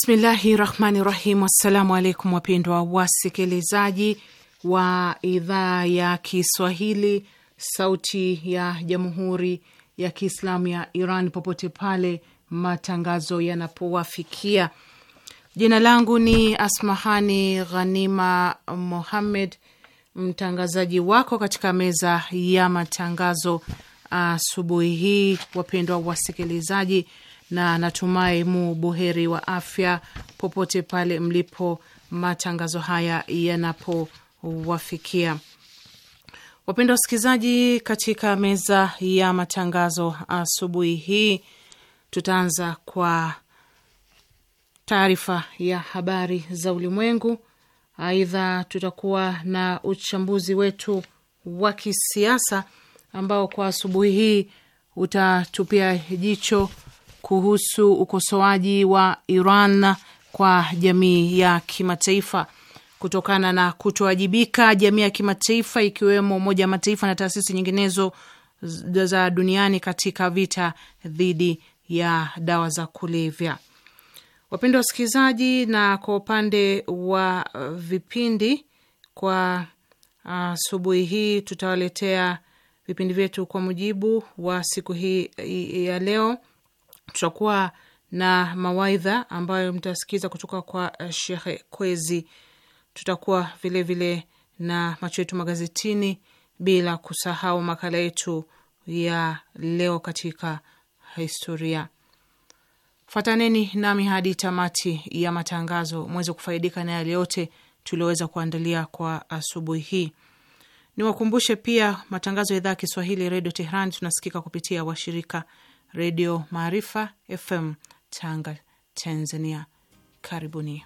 Bismillahi rahmani rahim. Assalamu alaikum wapendwa wasikilizaji wa idhaa ya Kiswahili sauti ya jamhuri ya Kiislamu ya Iran popote pale matangazo yanapowafikia. Jina langu ni Asmahani Ghanima Mohammed, mtangazaji wako katika meza ya matangazo asubuhi hii. Wapendwa wasikilizaji na natumai mu buheri wa afya popote pale mlipo matangazo haya yanapowafikia. Wapenda wasikilizaji, katika meza ya matangazo asubuhi hii tutaanza kwa taarifa ya habari za ulimwengu. Aidha, tutakuwa na uchambuzi wetu wa kisiasa ambao kwa asubuhi hii utatupia jicho kuhusu ukosoaji wa Iran kwa jamii ya kimataifa kutokana na kutowajibika jamii ya kimataifa ikiwemo Umoja wa Mataifa na taasisi nyinginezo za duniani katika vita dhidi ya dawa za kulevya. Wapendwa wasikilizaji, na kwa upande wa vipindi kwa uh, asubuhi uh, hii tutawaletea vipindi vyetu kwa mujibu wa siku hii ya leo tutakuwa na mawaidha ambayo mtasikiza kutoka kwa eh, Shekhe Kwezi. Tutakuwa vilevile vile na macho yetu magazetini, bila kusahau makala yetu ya leo katika historia. Fataneni nami hadi tamati ya matangazo mweze kufaidika na yale yote tulioweza kuandalia kwa asubuhi hii. Niwakumbushe pia matangazo ya idhaa ya Kiswahili redio Tehran tunasikika kupitia washirika Redio Maarifa FM Tanga, Tanzania. Karibuni.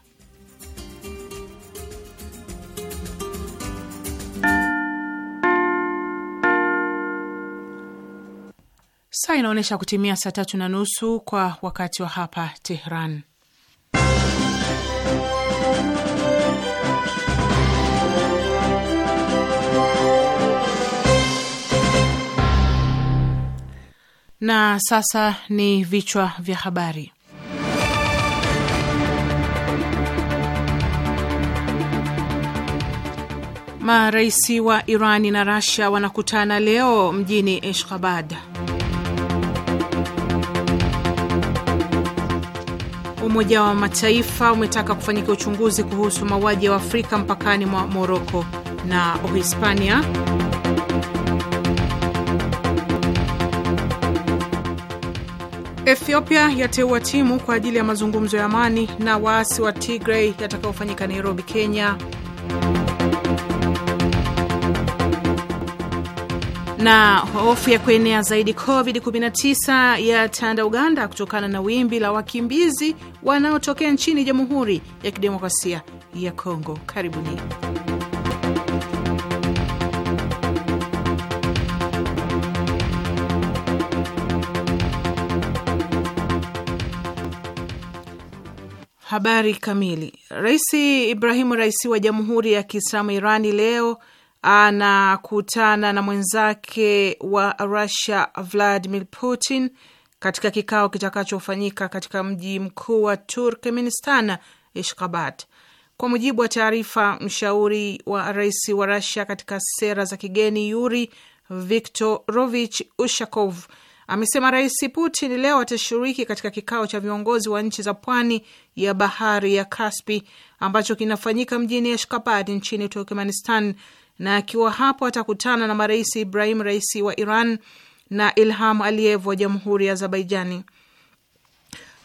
Saa inaonyesha kutimia saa tatu na nusu kwa wakati wa hapa Tehran. Na sasa ni vichwa vya habari. Marais wa Irani na Rasia wanakutana leo mjini Ashgabad. Umoja wa Mataifa umetaka kufanyika uchunguzi kuhusu mauaji ya afrika mpakani mwa Moroko na Uhispania. Ethiopia yateua timu kwa ajili ya mazungumzo ya amani na waasi wa Tigray yatakayofanyika Nairobi, Kenya. na hofu ya kuenea zaidi COVID-19 ya tanda Uganda kutokana na wimbi la wakimbizi wanaotokea nchini Jamhuri ya Kidemokrasia ya Kongo. Karibuni. Habari kamili. Rais Ibrahimu Raisi wa Jamhuri ya Kiislamu Irani leo anakutana na mwenzake wa Rusia Vladimir Putin katika kikao kitakachofanyika katika mji mkuu wa Turkmenistan, Ishkabat. Kwa mujibu wa taarifa, mshauri wa rais wa rasia katika sera za kigeni Yuri Viktorovich Ushakov amesema Rais Putin leo atashiriki katika kikao cha viongozi wa nchi za pwani ya bahari ya Kaspi ambacho kinafanyika mjini Ashkabad nchini Turkmenistan, na akiwa hapo atakutana na marais Ibrahim Raisi wa Iran na Ilham Aliyev wa Jamhuri ya Azerbaijani.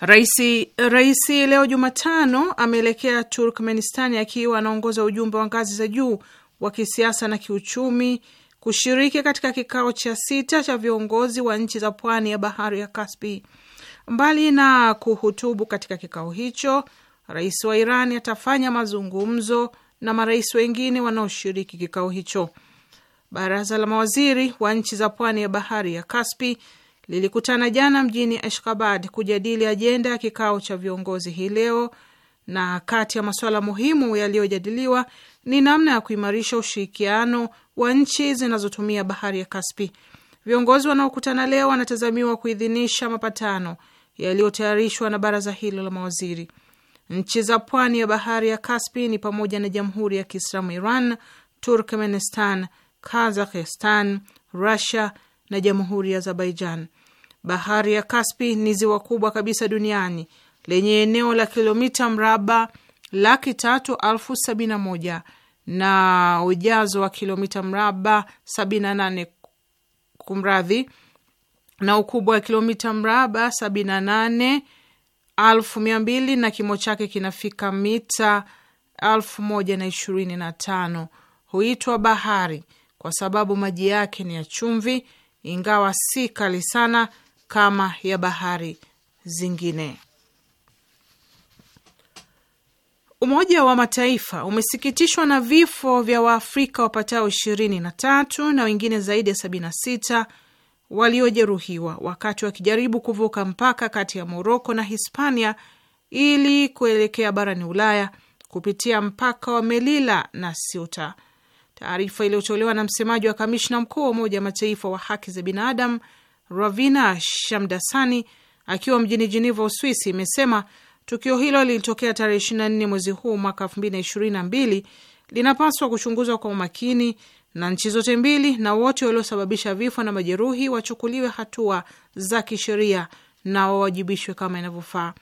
Raisi, raisi leo Jumatano ameelekea Turkmenistani akiwa anaongoza ujumbe wa ngazi za juu wa kisiasa na kiuchumi kushiriki katika kikao cha sita cha viongozi wa nchi za pwani ya bahari ya Kaspi. Mbali na kuhutubu katika kikao hicho, rais wa iran atafanya mazungumzo na marais wengine wanaoshiriki kikao hicho. Baraza la mawaziri wa nchi za pwani ya bahari ya Kaspi lilikutana jana mjini Ashkabad kujadili ajenda ya kikao cha viongozi hii leo, na kati ya masuala muhimu yaliyojadiliwa ni namna ya kuimarisha ushirikiano wa nchi zinazotumia bahari ya Kaspi. Viongozi wanaokutana leo wanatazamiwa kuidhinisha mapatano yaliyotayarishwa na baraza hilo la mawaziri. Nchi za pwani ya bahari ya Kaspi ni pamoja na Jamhuri ya Kiislamu Iran, Turkmenistan, Kazakhstan, Rusia na Jamhuri ya Azerbaijan. Bahari ya Kaspi ni ziwa kubwa kabisa duniani lenye eneo la kilomita mraba laki tatu alfu sabini na moja na ujazo wa kilomita mraba sabini na nane kumradhi, na ukubwa wa kilomita mraba sabini na nane alfu mia mbili na kimo chake kinafika mita alfu moja na ishirini na tano. Huitwa bahari kwa sababu maji yake ni ya chumvi, ingawa si kali sana kama ya bahari zingine. Umoja wa Mataifa umesikitishwa na vifo vya Waafrika wapatao ishirini na tatu na wengine zaidi ya sabini na sita waliojeruhiwa wakati wakijaribu kuvuka mpaka kati ya Moroko na Hispania ili kuelekea barani Ulaya kupitia mpaka wa melila na Ceuta. Taarifa iliyotolewa na msemaji wa kamishna mkuu wa Umoja wa Mataifa wa haki za binadamu Ravina Shamdasani akiwa mjini Jeneva, Uswisi, imesema Tukio hilo lilitokea tarehe 24 mwezi huu mwaka 2022, linapaswa kuchunguzwa kwa umakini na nchi zote mbili, na wote waliosababisha vifo na majeruhi wachukuliwe hatua za kisheria na wawajibishwe kama inavyofaa.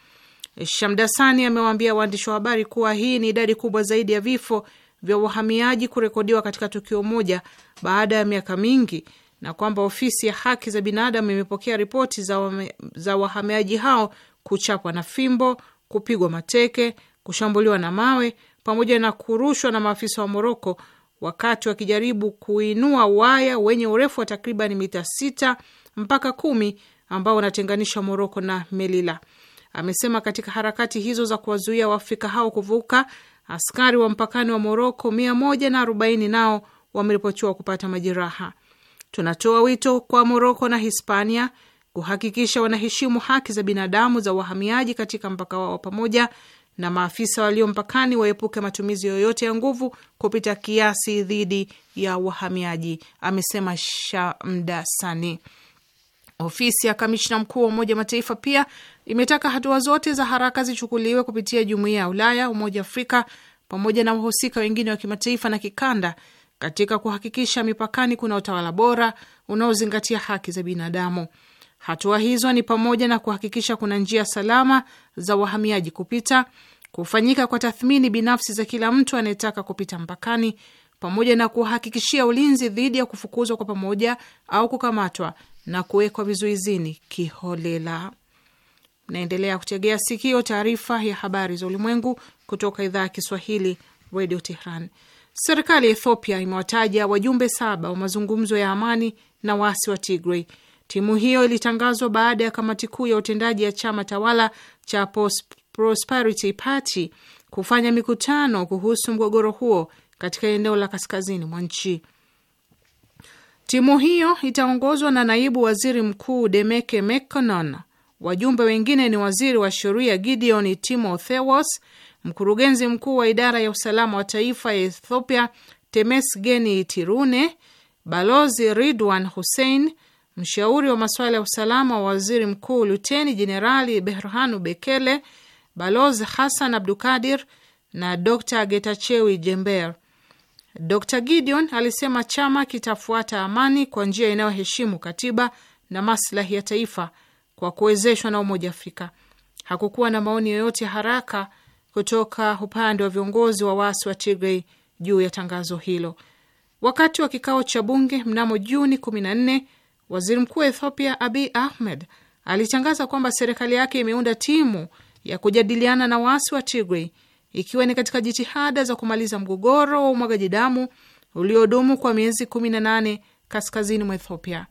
Shamdasani amewaambia waandishi wa habari kuwa hii ni idadi kubwa zaidi ya vifo vya wahamiaji kurekodiwa katika tukio moja baada ya miaka mingi na kwamba ofisi ya haki za binadamu imepokea ripoti za, za wahamiaji hao kuchapwa na fimbo, kupigwa mateke, kushambuliwa na mawe pamoja na kurushwa na maafisa wa Moroko wakati wakijaribu kuinua waya wenye urefu wa takribani mita sita mpaka kumi ambao unatenganisha Moroko na Melila. Amesema katika harakati hizo za kuwazuia Waafrika hao kuvuka, askari wa mpakani wa Moroko mia moja na arobaini nao wameripotiwa kupata majeraha. Tunatoa wito kwa Moroko na Hispania kuhakikisha wanaheshimu haki za binadamu za wahamiaji katika mpaka wao pamoja na maafisa walio mpakani waepuke matumizi yoyote ya nguvu kupita kiasi dhidi ya wahamiaji, amesema Sani. Ofisi ya kamishna mkuu wa Umoja Mataifa pia imetaka hatua zote za haraka zichukuliwe kupitia Jumuiya ya Ulaya, Umoja Afrika pamoja na wahusika wengine wa kimataifa na kikanda katika kuhakikisha mipakani kuna utawala bora unaozingatia haki za binadamu. Hatua hizo ni pamoja na kuhakikisha kuna njia salama za wahamiaji kupita, kufanyika kwa tathmini binafsi za kila mtu anayetaka kupita mpakani, pamoja na kuhakikishia ulinzi dhidi ya kufukuzwa kwa pamoja au kukamatwa na kuwekwa vizuizini kiholela. Naendelea kutegea sikio taarifa ya habari za ulimwengu kutoka idhaa ya Kiswahili, Radio Tehran. Serikali ya Ethiopia imewataja wajumbe saba wa mazungumzo ya amani na waasi wa Tigray Timu hiyo ilitangazwa baada ya kamati kuu ya utendaji ya chama tawala cha Prosperity Party kufanya mikutano kuhusu mgogoro huo katika eneo la kaskazini mwa nchi. Timu hiyo itaongozwa na naibu waziri mkuu Demeke Mekonnen. Wajumbe wengine ni waziri wa sheria Gideon Timotheos, mkurugenzi mkuu wa idara ya usalama wa taifa ya Ethiopia Temesgeni Tirune, balozi Ridwan Hussein Mshauri wa masuala ya usalama wa waziri mkuu Luteni Jenerali Behrhanu Bekele, Balozi Hassan Abdukadir na Dr Getachewi Jember. Dr Gideon alisema chama kitafuata amani kwa njia inayoheshimu katiba na maslahi ya taifa kwa kuwezeshwa na Umoja Afrika. Hakukuwa na maoni yoyote haraka kutoka upande wa viongozi wa waasi wa Tigray juu ya tangazo hilo. Wakati wa kikao cha bunge mnamo Juni 14 Waziri mkuu wa Ethiopia Abiy Ahmed alitangaza kwamba serikali yake imeunda timu ya kujadiliana na waasi wa Tigray ikiwa ni katika jitihada za kumaliza mgogoro wa umwagaji damu uliodumu kwa miezi 18 kaskazini mwa Ethiopia.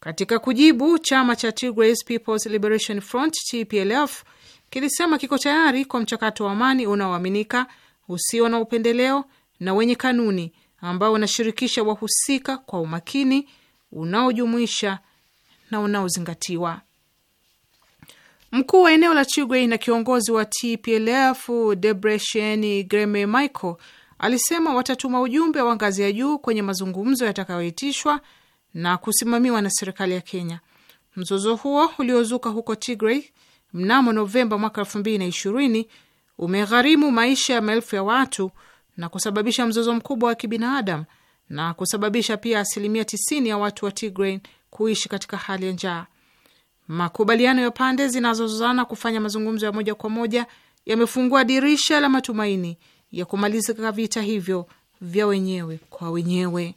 Katika kujibu, chama cha Tigray People's Liberation Front TPLF kilisema kiko tayari kwa mchakato wa amani unaoaminika, usio na upendeleo na wenye kanuni ambao unashirikisha wahusika kwa umakini unaojumuisha na unaozingatiwa. Mkuu wa eneo la Tigray na kiongozi wa TPLF Debretsion Greme Michael alisema watatuma ujumbe wa ngazi ya juu kwenye mazungumzo yatakayoitishwa na kusimamiwa na serikali ya Kenya. Mzozo huo uliozuka huko Tigray mnamo Novemba mwaka elfu mbili na ishirini umegharimu maisha ya maelfu ya watu na kusababisha mzozo mkubwa wa kibinadamu na kusababisha pia asilimia tisini ya watu wa Tigray kuishi katika hali ya njaa. Makubaliano ya pande zinazozozana kufanya mazungumzo ya moja kwa moja yamefungua dirisha la matumaini ya kumalizika vita hivyo vya wenyewe kwa wenyewe.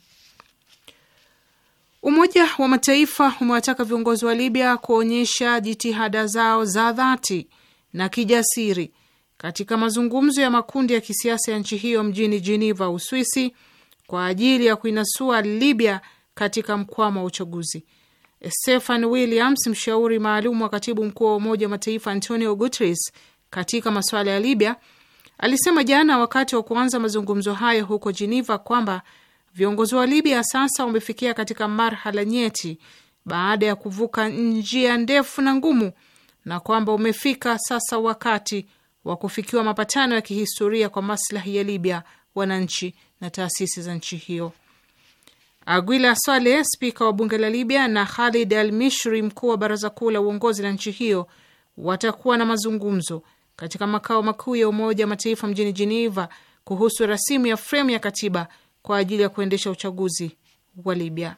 Umoja wa Mataifa umewataka viongozi wa Libya kuonyesha jitihada zao za dhati na kijasiri katika mazungumzo ya makundi ya kisiasa ya nchi hiyo mjini Geneva, Uswisi kwa ajili ya kuinasua Libya katika mkwama wa uchaguzi. stephan Williams, mshauri maalum wa katibu mkuu wa Umoja wa Mataifa Antonio Guterres katika masuala ya Libya, alisema jana wakati wa kuanza mazungumzo hayo huko Geneva kwamba viongozi wa Libya sasa wamefikia katika marhala nyeti baada ya kuvuka njia ndefu na ngumu, na kwamba umefika sasa wakati wa kufikiwa mapatano ya kihistoria kwa maslahi ya Libya, wananchi na taasisi za nchi hiyo. Aguila Saleh, spika wa bunge la Libya, na Khalid Al Mishri, mkuu wa baraza kuu la uongozi la nchi hiyo, watakuwa na mazungumzo katika makao makuu ya Umoja wa Mataifa mjini Jeneva kuhusu rasimu ya fremu ya katiba kwa ajili ya kuendesha uchaguzi wa Libya.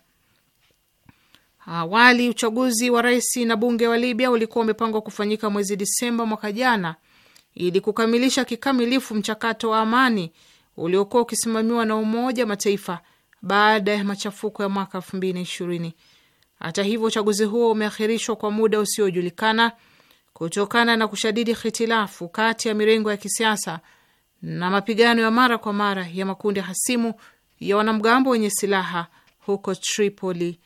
Awali uchaguzi wa rais na bunge wa Libya ulikuwa umepangwa kufanyika mwezi Disemba mwaka jana ili kukamilisha kikamilifu mchakato wa amani uliokuwa ukisimamiwa na Umoja wa Mataifa baada ya machafuko ya mwaka elfu mbili na ishirini. Hata hivyo, uchaguzi huo umeahirishwa kwa muda usiojulikana kutokana na kushadidi hitilafu kati ya mirengo ya kisiasa na mapigano ya mara kwa mara ya makundi hasimu ya wanamgambo wenye silaha huko Tripoli,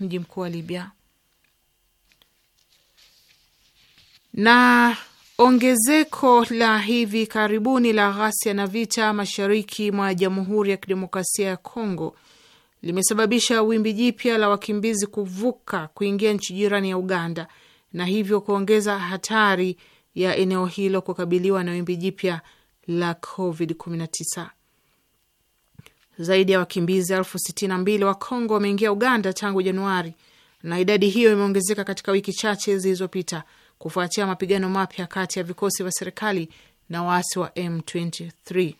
mji mkuu wa Libya. Na Ongezeko la hivi karibuni la ghasia na vita mashariki mwa Jamhuri ya Kidemokrasia ya Kongo limesababisha wimbi jipya la wakimbizi kuvuka kuingia nchi jirani ya Uganda na hivyo kuongeza hatari ya eneo hilo kukabiliwa na wimbi jipya la COVID-19. Zaidi ya wakimbizi elfu sitini na mbili wa Kongo wameingia Uganda tangu Januari na idadi hiyo imeongezeka katika wiki chache zilizopita kufuatia mapigano mapya kati ya vikosi vya serikali na waasi wa M23.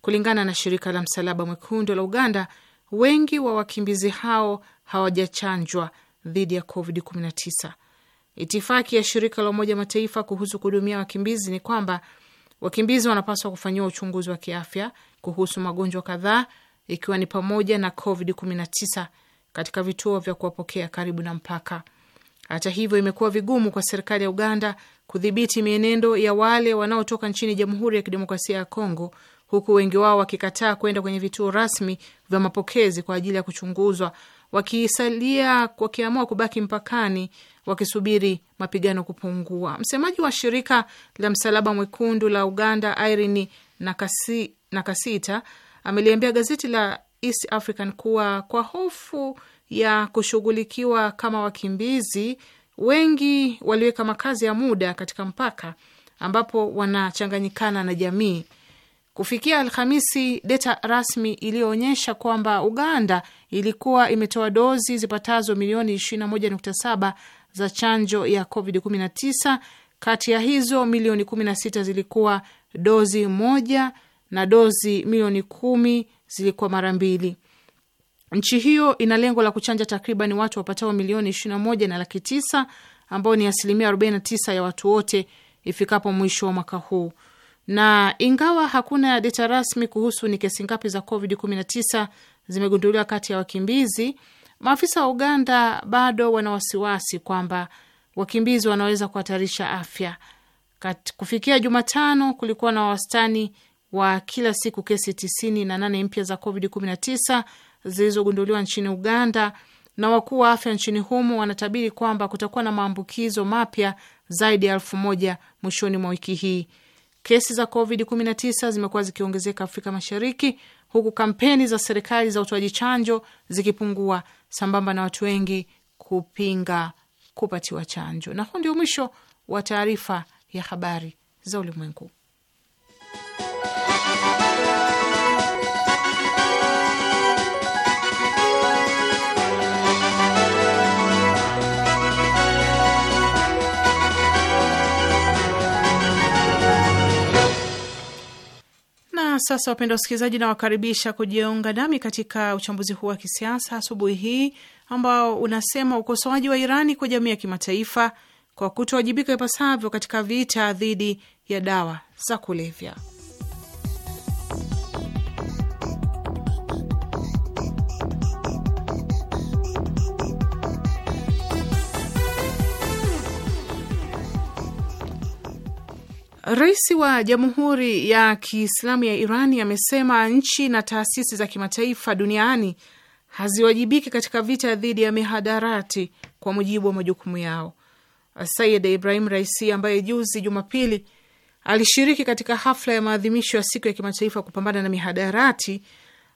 Kulingana na shirika la Msalaba Mwekundu la Uganda, wengi wa wakimbizi hao hawajachanjwa dhidi ya COVID-19. Itifaki ya shirika la Umoja Mataifa kuhusu kuhudumia wakimbizi ni kwamba wakimbizi wanapaswa kufanyiwa uchunguzi wa kiafya kuhusu magonjwa kadhaa ikiwa ni pamoja na COVID-19 katika vituo vya kuwapokea karibu na mpaka. Hata hivyo, imekuwa vigumu kwa serikali ya Uganda kudhibiti mienendo ya wale wanaotoka nchini Jamhuri ya Kidemokrasia ya Kongo, huku wengi wao wakikataa kwenda kwenye vituo rasmi vya mapokezi kwa ajili ya kuchunguzwa, wakisalia wakiamua kubaki mpakani wakisubiri mapigano kupungua. Msemaji wa shirika la Msalaba Mwekundu la Uganda, Irene Nakasi, Nakasita ameliambia gazeti la East African kuwa kwa hofu ya kushughulikiwa kama wakimbizi, wengi waliweka makazi ya muda katika mpaka ambapo wanachanganyikana na jamii. Kufikia Alhamisi, data rasmi iliyoonyesha kwamba Uganda ilikuwa imetoa dozi zipatazo milioni 21.7 za chanjo ya COVID-19. Kati ya hizo milioni 16 zilikuwa dozi moja na dozi milioni kumi zilikuwa mara mbili. Nchi hiyo ina lengo la kuchanja takriban watu wapatao milioni 21 na laki 9 ambao ni asilimia 49 ya watu wote ifikapo mwisho wa mwaka huu. Na ingawa hakuna data rasmi kuhusu ni kesi ngapi za COVID-19 zimegunduliwa kati ya wakimbizi, maafisa wa Uganda bado wana wasiwasi kwamba wakimbizi wanaweza kuhatarisha afya. Kufikia Jumatano, kulikuwa na wastani wa kila siku kesi 98 mpya za COVID-19 zilizogunduliwa nchini Uganda, na wakuu wa afya nchini humo wanatabiri kwamba kutakuwa na maambukizo mapya zaidi ya elfu moja mwishoni mwa wiki hii. Kesi za COVID-19 zimekuwa zikiongezeka Afrika Mashariki, huku kampeni za serikali za utoaji chanjo zikipungua sambamba na watu wengi kupinga kupatiwa chanjo. Na huu ndio mwisho wa taarifa ya habari za ulimwengu. sasa, wapenda wasikilizaji, nawakaribisha kujiunga nami katika uchambuzi huu wa kisiasa asubuhi hii ambao unasema ukosoaji wa Irani kwa jamii ya kimataifa kwa kutowajibika ipasavyo katika vita dhidi ya dawa za kulevya. Rais wa Jamhuri ya Kiislamu ya iran amesema nchi na taasisi za kimataifa duniani haziwajibiki katika vita dhidi ya mihadarati kwa mujibu wa majukumu yao. Sayid Ibrahim Raisi, ambaye juzi Jumapili alishiriki katika hafla ya maadhimisho ya siku ya kimataifa kupambana na mihadarati,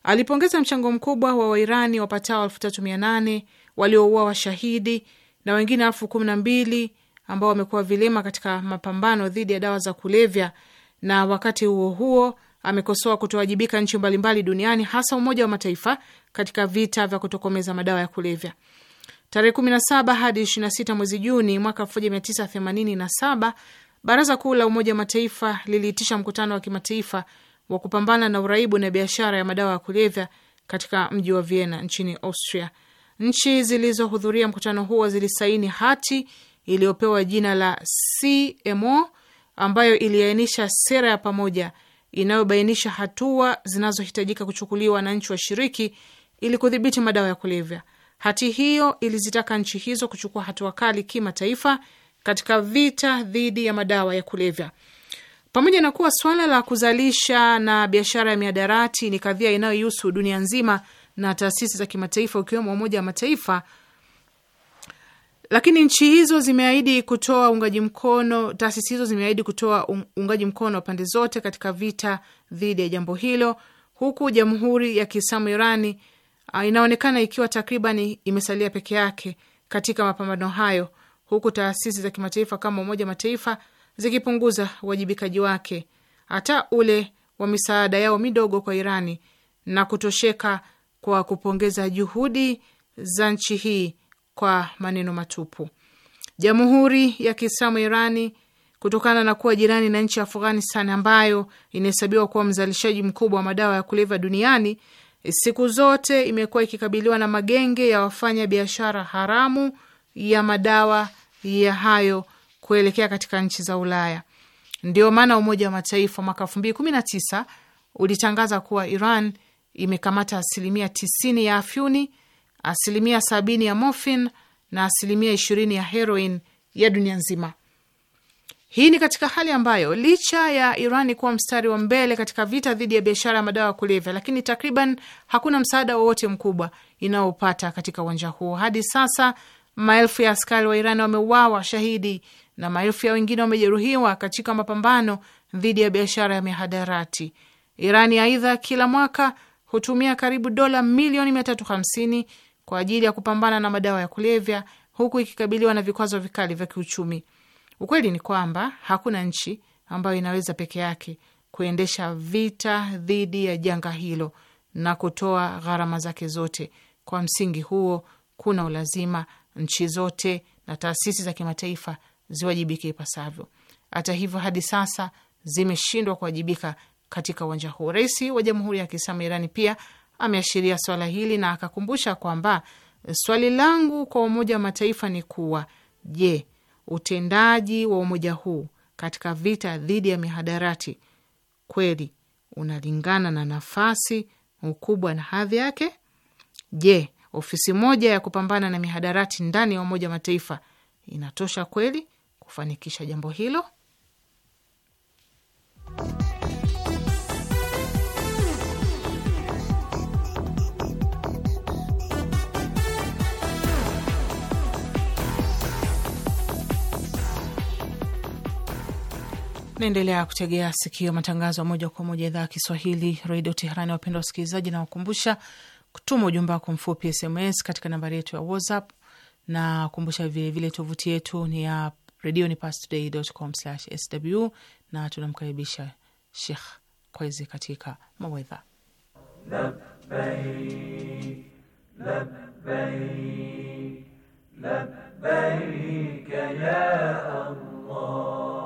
alipongeza mchango mkubwa wa Wairani wapatao elfu tatu mia nane waliouawa washahidi na wengine elfu kumi na mbili ambao wamekuwa vilema katika mapambano dhidi ya dawa za kulevya, na wakati huo huo amekosoa kutowajibika nchi mbalimbali duniani hasa Umoja wa Mataifa katika vita vya kutokomeza madawa ya kulevya. Tarehe 17 hadi 26 mwezi Juni mwaka 1987 Baraza Kuu la Umoja wa Mataifa liliitisha mkutano wa kimataifa wa kupambana na uraibu na biashara ya madawa ya kulevya katika mji wa Vienna nchini Austria. Nchi zilizohudhuria mkutano huo zilisaini hati iliyopewa jina la CMO ambayo iliainisha sera ya pamoja inayobainisha hatua zinazohitajika kuchukuliwa nchi washiriki ili kudhibiti madawa ya kulevya. Hati hiyo ilizitaka nchi hizo kuchukua hatua kali kimataifa katika vita dhidi ya madawa ya kulevya. Pamoja na kuwa swala la kuzalisha na biashara ya miadarati ni kadhia inayohusu dunia nzima na taasisi za kimataifa, ukiwemo Umoja wa Mataifa, lakini nchi hizo zimeahidi kutoa uungaji mkono, taasisi hizo zimeahidi kutoa uungaji mkono wa pande zote katika vita dhidi ya jambo hilo, huku Jamhuri ya Kiislamu Irani ah, inaonekana ikiwa takriban imesalia peke yake katika mapambano hayo, huku taasisi za kimataifa kama Umoja wa Mataifa zikipunguza uwajibikaji wake hata ule wa misaada yao midogo kwa Irani na kutosheka kwa kupongeza juhudi za nchi hii kwa maneno matupu. Jamhuri ya Kiislamu Irani, kutokana na kuwa jirani na nchi ya Afghanistan ambayo inahesabiwa kuwa mzalishaji mkubwa wa madawa ya kulevya duniani, siku zote imekuwa ikikabiliwa na magenge ya wafanya biashara haramu ya madawa ya hayo kuelekea katika nchi za Ulaya. Ndio maana Umoja wa Mataifa mwaka elfu mbili kumi na tisa ulitangaza kuwa Iran imekamata asilimia tisini ya afyuni asilimia sabini ya morfin na asilimia ishirini ya heroin ya dunia nzima. Hii ni katika hali ambayo licha ya Irani kuwa mstari wa mbele katika vita dhidi ya biashara ya madawa ya kulevya, lakini takriban hakuna msaada wowote mkubwa inaopata katika uwanja huo hadi sasa. Maelfu ya askari wa Irani wameuawa shahidi na maelfu ya wengine wamejeruhiwa katika mapambano dhidi ya biashara ya mihadarati. Irani aidha, kila mwaka hutumia karibu dola milioni hamsini kwa ajili ya kupambana na madawa ya kulevya huku ikikabiliwa na vikwazo vikali vya kiuchumi. Ukweli ni kwamba hakuna nchi ambayo inaweza peke yake kuendesha vita dhidi ya janga hilo na kutoa gharama zake zote. Kwa msingi huo, kuna ulazima nchi zote na taasisi za kimataifa ziwajibike ipasavyo. Hata hivyo, hadi sasa zimeshindwa kuwajibika katika uwanja huu. Rais wa Jamhuri ya Kiislamu Irani pia ameashiria swala hili na akakumbusha kwamba swali langu kwa Umoja wa Mataifa ni kuwa je, utendaji wa umoja huu katika vita dhidi ya mihadarati kweli unalingana na nafasi, ukubwa na hadhi yake? Je, ofisi moja ya kupambana na mihadarati ndani ya Umoja wa Mataifa inatosha kweli kufanikisha jambo hilo? Naendelea kutegea sikio matangazo moja kwa moja idhaa ya Kiswahili redio Teherani. Wapendwa wasikilizaji, nawakumbusha kutuma ujumbe wako mfupi SMS katika nambari yetu ya WhatsApp na kumbusha vilevile tovuti yetu ni ya redio ni pastoday.com/sw, na tunamkaribisha shekh Kwezi katika mawaidha. Labbaik labbaik labbaik ya Allah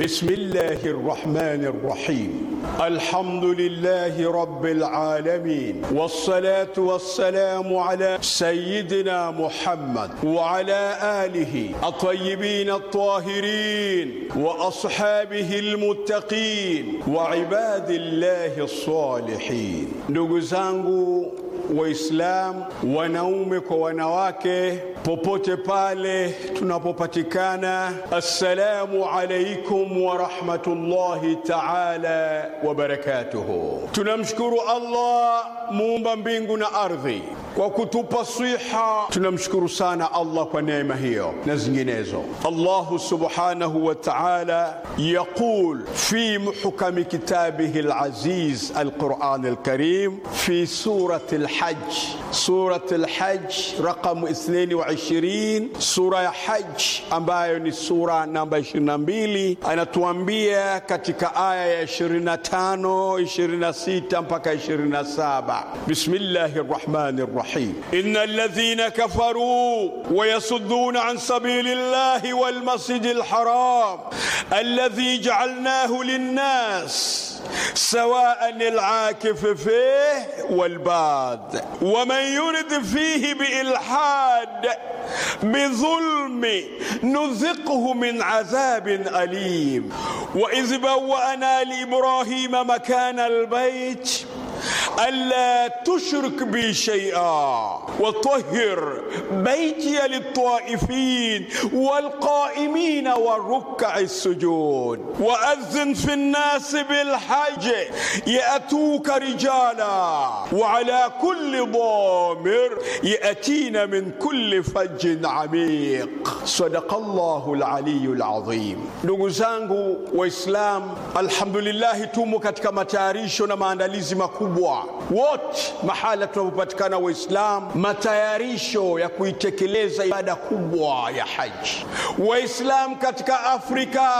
بسم الله الرحمن الرحيم الحمد لله رب العالمين والصلاة والسلام على سيدنا محمد وعلى آله الطيبين الطاهرين وأصحابه المتقين وعباد الله الصالحين ndugu وإسلام ونومك ونواكه popote pale tunapopatikana. Assalamu alaikum warahmatullahi taala wabarakatuhu. Tunamshukuru Allah muumba mbingu na ardhi kwa kutupa siha. Tunamshukuru sana Allah kwa neema hiyo na zinginezo. Allahu subhanahu wa taala yaqul fi muhkami kitabihi laziz alquran alkarim fi surati alhaj surati alhaj raqamu 22 20 sura ya Haj ambayo ni sura namba 22 anatuambia katika aya ya 25 26 mpaka 27 bismillahir rahmanir rahim innal ladhina kafaru wa yasudduna an sabilillahi wal masjidil haram alladhi ja'alnahu lin-nas سواء العاكف فيه والباد ومن يرد فيه بإلحاد بظلم نذقه من عذاب أليم وإذ بوأنا لإبراهيم مكان البيت ألا تشرك بي شيئا وطهر بيتي للطائفين والقائمين والركع السجود وأذن في الناس بالحج يأتوك رجالا وعلى كل ضامر يأتين من كل فج عميق صدق الله العلي العظيم ndugu وإسلام الحمد لله تومك كما تاريشنا ما أنا makubwa makubwa wote mahala tunapopatikana Waislamu, matayarisho ya kuitekeleza ibada kubwa ya haji. Waislamu katika Afrika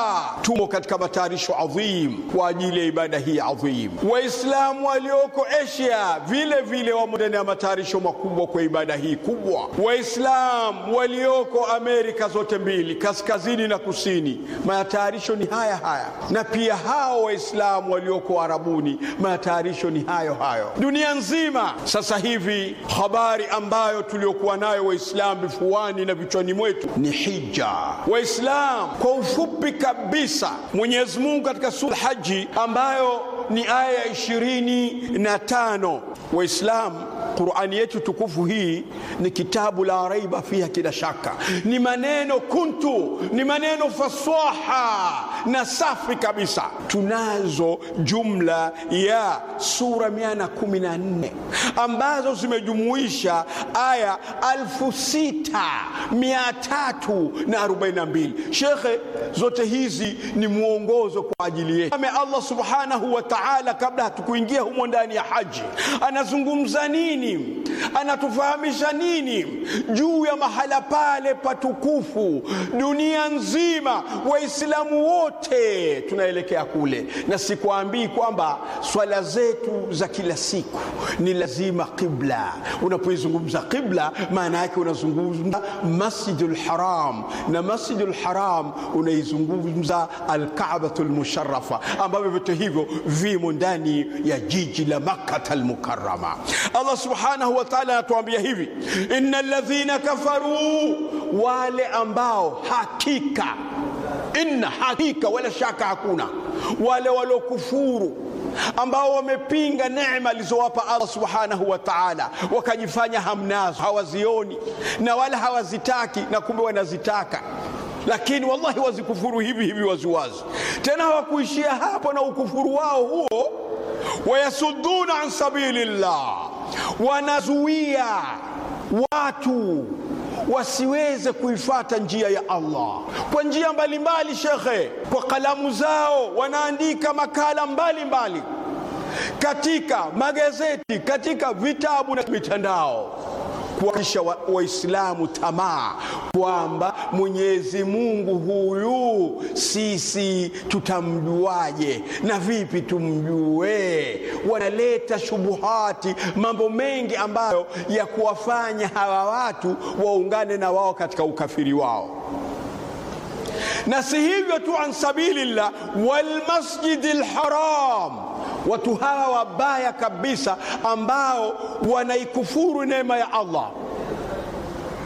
tumo katika matayarisho adhim kwa ajili ya ibada hii adhim. Waislamu walioko Asia vile vile wamo ndani ya matayarisho makubwa kwa ibada hii kubwa. Waislamu walioko Amerika zote mbili, kaskazini na kusini, matayarisho ni haya haya, na pia hao Waislamu walioko Arabuni matayarisho ni haya nayo hayo dunia nzima. Sasa hivi habari ambayo tuliokuwa nayo Waislamu vifuani na vichwani mwetu ni hija. Waislamu kwa ufupi kabisa, Mwenyezi Mungu katika sura Haji ambayo ni aya ya ishirini na tano Waislamu, Qurani yetu tukufu hii ni kitabu la raiba fiha, kila shaka ni maneno kuntu, ni maneno fasaha na safi kabisa. Tunazo jumla ya sura sura 114 ambazo zimejumuisha aya 6342 shekhe zote hizi ni mwongozo kwa ajili yetu ame allah subhanahu wa taala kabla hatukuingia humo ndani ya haji anazungumza nini anatufahamisha nini juu ya mahala pale patukufu? Dunia nzima Waislamu wote tunaelekea kule, na sikuambii kwamba swala zetu za kila siku ni lazima qibla. Unapoizungumza qibla, maana yake unazungumza Masjidul Haram, na Masjidul Haram unaizungumza Alkaabatul lmusharafa ambavyo vyote hivyo vimo ndani ya jiji la makkata lmukarama Allah subhanahu wa taala anatuambia hivi inna ladhina kafaru wale ambao hakika inna hakika wala shaka hakuna wale waliokufuru ambao wamepinga neema alizowapa Allah subhanahu wa ta'ala, wakajifanya hamnazo, hawazioni na wala hawazitaki, na kumbe wanazitaka lakini wallahi wazikufuru hivi hivi waziwazi. Tena hawakuishia hapo na ukufuru wao huo, wayasudduna an sabilillah, wanazuia watu wasiweze kuifata njia ya Allah kwa njia mbalimbali. Shekhe, kwa kalamu zao wanaandika makala mbalimbali mbali, katika magazeti, katika vitabu na mitandao kuwatisha Waislamu wa tamaa kwamba Mwenyezi Mungu huyu sisi tutamjuaje na vipi tumjue? Wanaleta shubuhati, mambo mengi ambayo ya kuwafanya hawa watu waungane na wao katika ukafiri wao na si hivyo tu, an sabilillah walmasjidi lharam watu hawa wabaya kabisa ambao wanaikufuru neema ya Allah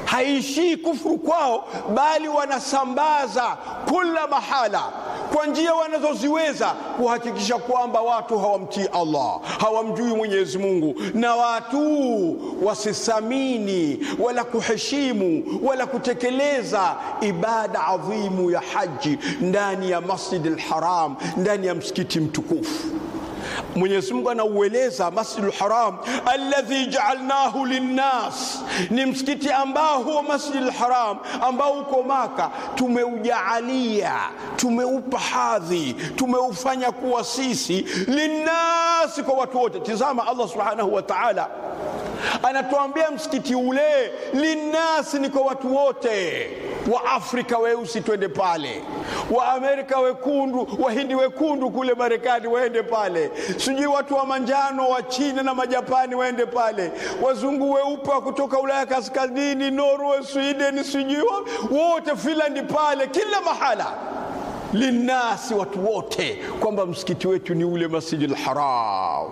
haishii kufuru kwao, bali wanasambaza kula mahala kwa njia wanazoziweza kuhakikisha kwamba watu hawamtii Allah, hawamjui Mwenyezi Mungu, na watu wasithamini wala kuheshimu wala kutekeleza ibada adhimu ya haji ndani ya Masjidil Haram, ndani ya msikiti mtukufu. Mwenyezi Mungu anaueleza Masjidul Haram, alladhi jaalnahu linnas, ni msikiti ambao huo Masjidul Haram ambao uko Maka, tumeujaalia tumeupa hadhi, tumeufanya kuwa sisi linnas kwa watu wote. Tizama Allah subhanahu wa ta'ala anatuambia msikiti ule linasi ni kwa watu wote wa afrika weusi twende pale wa amerika wekundu wahindi wekundu kule marekani waende pale sijui watu wa manjano wa china na majapani waende pale wazungu weupe wa kutoka ulaya kaskazini norway sweden sijui wote finlandi pale kila mahala linasi, watu wote, kwamba msikiti wetu ni ule Masjidil Haram,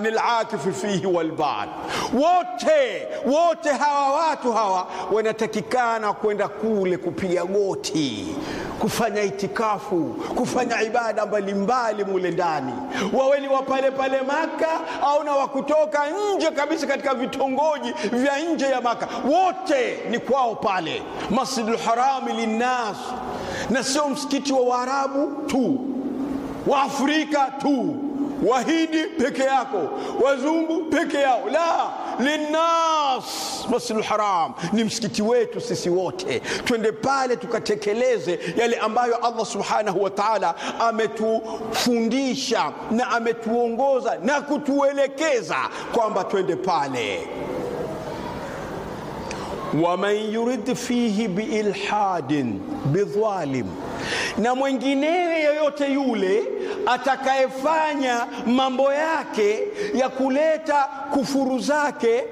ni lakifu fihi walbad, wote wote hawa watu hawa wanatakikana kwenda kule kupiga goti, kufanya itikafu, kufanya ibada mbalimbali mule ndani, wa pale pale Maka au na wakutoka nje kabisa katika vitongoji vya nje ya Maka, wote ni kwao pale Masjidil Haram nas, na sio msikiti wa Waarabu tu, wa Afrika tu, Wahindi peke yako, wazungu peke yao, la linnas masjidul haram ni msikiti wetu sisi wote twende pale tukatekeleze yale ambayo allah subhanahu wa taala ametufundisha na ametuongoza na kutuelekeza kwamba twende pale waman yurid fihi biilhadin bidhalim, na mwenginewe yoyote yule atakayefanya mambo yake ya kuleta kufuru zake,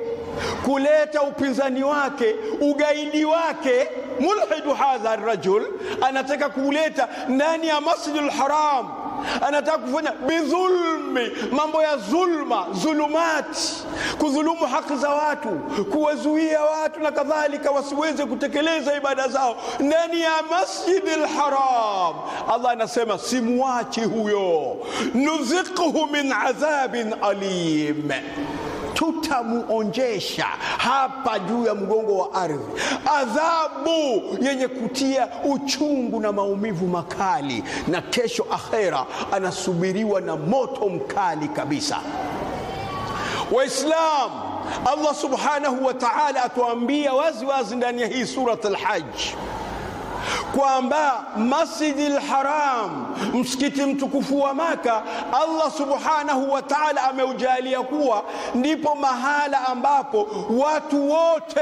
kuleta upinzani wake, ugaidi wake. Mulhidu hadha rajul, anataka kuleta ndani ya masjidul haram anataka kufanya bidhulmi, mambo ya zulma, zulumati, kudhulumu haki za watu, kuwazuia watu na kadhalika wasiweze kutekeleza ibada zao ndani ya Masjidi lharam Allah anasema simwachi huyo, nudhiqhu min adhabin alim tutamuonjesha hapa juu ya mgongo wa ardhi adhabu yenye kutia uchungu na maumivu makali, na kesho akhera anasubiriwa na moto mkali kabisa. Waislam, Allah subhanahu wa ta'ala atuambia wazi wazi ndani ya hii Surat al kwamba masjidi Haram, msikiti mtukufu wa Maka, Allah subhanahu wa taala ameujalia kuwa ndipo mahala ambapo watu wote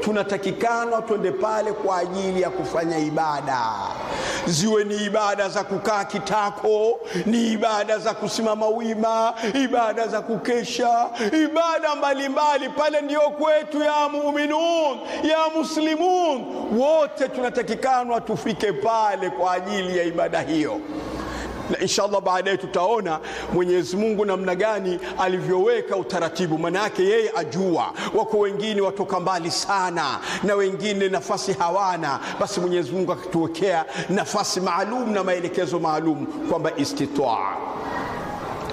tunatakikana twende pale kwa ajili ya kufanya ibada ziwe ni ibada za kukaa kitako, ni ibada za kusimama wima, ibada za kukesha, ibada mbalimbali Pale ndiyo kwetu ya muuminun ya muslimun, wote tunatakikanwa tufike pale kwa ajili ya ibada hiyo na inshallah baadaye tutaona Mwenyezi Mungu namna gani alivyoweka utaratibu. Maana yake yeye ajua, wako wengine watoka mbali sana na wengine nafasi hawana, basi Mwenyezi Mungu akituwekea nafasi maalum na maelekezo maalum kwamba istitwaa,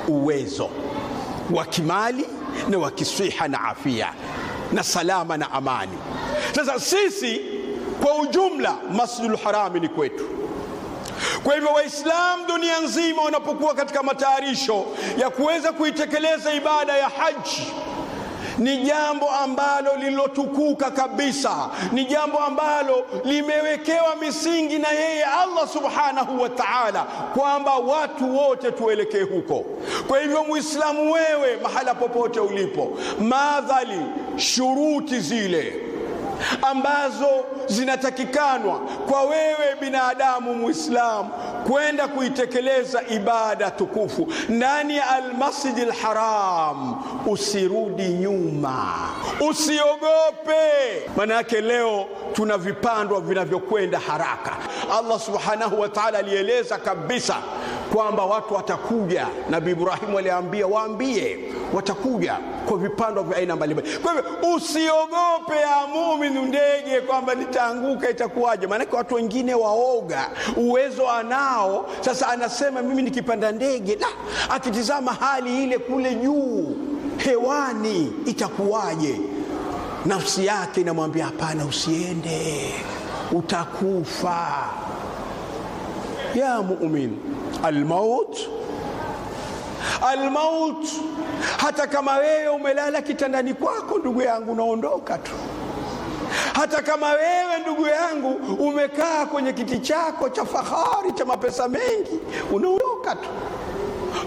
uwezo wa kimali na wa kiswiha na afia na salama na amani. Sasa sisi kwa ujumla, Masjidul Haram ni kwetu kwa hivyo Waislamu dunia nzima wanapokuwa katika matayarisho ya kuweza kuitekeleza ibada ya haji ni jambo ambalo lililotukuka kabisa, ni jambo ambalo limewekewa misingi na yeye Allah subhanahu wa ta'ala, kwamba watu wote tuelekee huko. Kwa hivyo, Muislamu wewe, mahala popote ulipo, madhali shuruti zile ambazo zinatakikanwa kwa wewe binadamu Muislamu kwenda kuitekeleza ibada tukufu ndani ya Almasjidi Alharam. Usirudi nyuma, usiogope, manake leo tuna vipandwa vinavyokwenda haraka. Allah subhanahu wa taala alieleza kabisa kwamba watu watakuja. Nabii Ibrahimu aliambia waambie, watakuja kwa vipandwa vya aina mbalimbali. Kwa hivyo usiogope ya mumi kumwamini ndege kwamba nitaanguka itakuwaje? Maanake watu wengine waoga, uwezo anao. Sasa anasema mimi nikipanda ndege, la akitizama hali ile kule juu hewani itakuwaje? Nafsi yake inamwambia hapana, usiende, utakufa. Ya mumin, almaut almaut, hata kama wewe umelala kitandani kwako, ndugu yangu, unaondoka tu hata kama wewe ndugu yangu umekaa kwenye kiti chako cha fahari cha mapesa mengi, unaondoka tu,